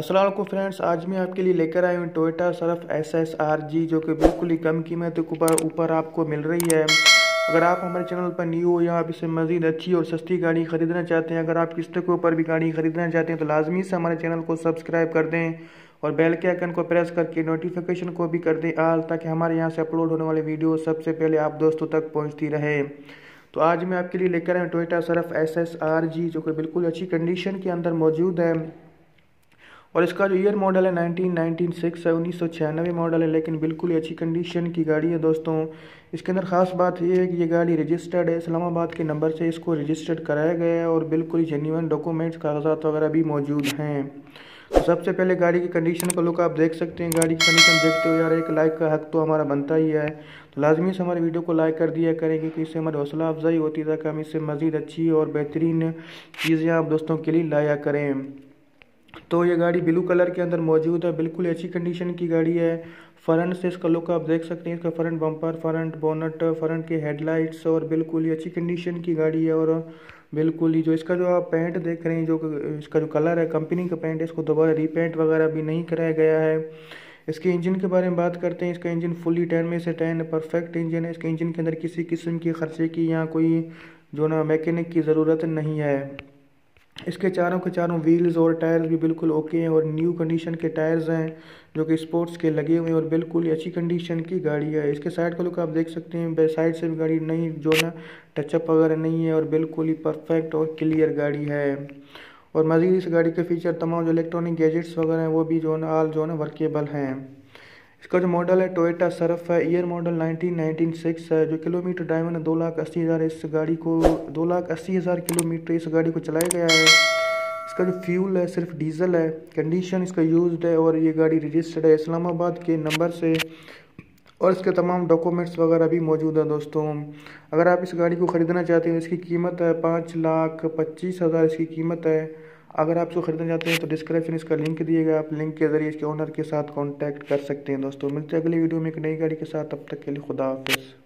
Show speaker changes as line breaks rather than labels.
Aslam friends आज मैं आपके लिए लेकर आया हूँ Toyota Surf S S R G जो कि बिल्कुल ही कम कीमत ऊपर ऊपर आपको मिल रही है अगर आप हमारे चैनल पर न्यू हो या आप इसे मज़ीद अच्छी और सस्ती गाड़ी ख़रीदना चाहते हैं अगर आप किस्त के ऊपर भी गाड़ी ख़रीदना चाहते हैं तो लाजमी से हमारे चैनल को सब्सक्राइब कर दें और बेल के आइकन को प्रेस करके नोटिफिकेशन को भी कर दें आल ताकि हमारे यहाँ से अपलोड होने वाले वीडियो सबसे पहले आप दोस्तों तक पहुँचती रहे तो आज मैं आपके लिए लेकर आया हूँ Toyota Surf S S R G जो कि बिल्कुल अच्छी कंडीशन के अंदर मौजूद है और इसका जो ईयर मॉडल है नाइनटीन नाइनटीन सिक्स है उन्नीस सौ छियानवे मॉडल है लेकिन बिल्कुल ही अच्छी कंडीशन की गाड़ी है दोस्तों इसके अंदर ख़ास बात यह है कि ये गाड़ी रजिस्टर्ड है इस्लामाबाद के नंबर से इसको रजिस्टर्ड कराया गया है और बिल्कुल ही जेन्यून डॉक्यूमेंट्स कागजात वगैरह भी मौजूद हैं तो सबसे पहले गाड़ी की कंडीशन को लोग आप देख सकते हैं गाड़ी की कंडीशन देखते हो यार एक लाइक का हक तो हमारा बनता ही है तो लाजमी से हमारे वीडियो को लाइक कर दिया करें क्योंकि इससे हमारी हौसला अफजाई होती है ताकि हम इससे मज़ीद अच्छी और बेहतरीन चीज़ें आप दोस्तों के लिए लाया करें तो ये गाड़ी ब्लू कलर के अंदर मौजूद है बिल्कुल अच्छी कंडीशन की गाड़ी है फ्रंट से इसका लुक आप देख सकते हैं इसका front bumper front bonnet front के हेडलाइट्स और बिल्कुल ही अच्छी कंडीशन की गाड़ी है और बिल्कुल ही जो इसका जो आप पेंट देख रहे हैं जो इसका जो कलर है कंपनी का पेंट है इसको दोबारा रीपेंट वगैरह भी नहीं कराया गया है इसके इंजन के बारे में बात करते हैं इसका इंजन फुली टेन में से टेन परफेक्ट इंजन है इसके इंजन के अंदर किसी किस्म के खर्चे की या कोई जो ना मैकेनिक की ज़रूरत नहीं है इसके चारों के चारों व्हील्स और टायर्स भी बिल्कुल ओके हैं और न्यू कंडीशन के टायर्स हैं जो कि स्पोर्ट्स के लगे हुए हैं और बिल्कुल अच्छी कंडीशन की गाड़ी है इसके साइड का लुक आप देख सकते हैं साइड से भी गाड़ी नहीं जो ना टचअप वगैरह नहीं है और बिल्कुल ही परफेक्ट और क्लियर गाड़ी है और मज़ीद इस गाड़ी के फीचर तमाम जो इलेक्ट्रॉनिक गैजेट्स वगैरह हैं वो भी जो है आल जो है वर्केबल हैं इसका जो मॉडल है टोयोटा सरफ है ईयर मॉडल 1996 है जो किलोमीटर डायमंड दो लाख अस्सी हज़ार इस गाड़ी को दो लाख अस्सी हज़ार किलोमीटर इस गाड़ी को चलाया गया है इसका जो फ्यूल है सिर्फ डीजल है कंडीशन इसका यूज्ड है और ये गाड़ी रजिस्टर्ड है इस्लामाबाद के नंबर से और इसके तमाम डॉक्यूमेंट्स वगैरह भी मौजूद हैं दोस्तों अगर आप इस गाड़ी को ख़रीदना चाहते हैं इसकी कीमत है पाँच लाख पच्चीस हज़ार इसकी कीमत है अगर आप इसको खरीदना चाहते हैं तो डिस्क्रिप्शन इसका लिंक दिएगा आप लिंक के जरिए इसके ऑनर के साथ कॉन्टैक्ट कर सकते हैं दोस्तों मिलते हैं अगली वीडियो में एक नई गाड़ी के साथ तब तक के लिए खुदा हाफिज़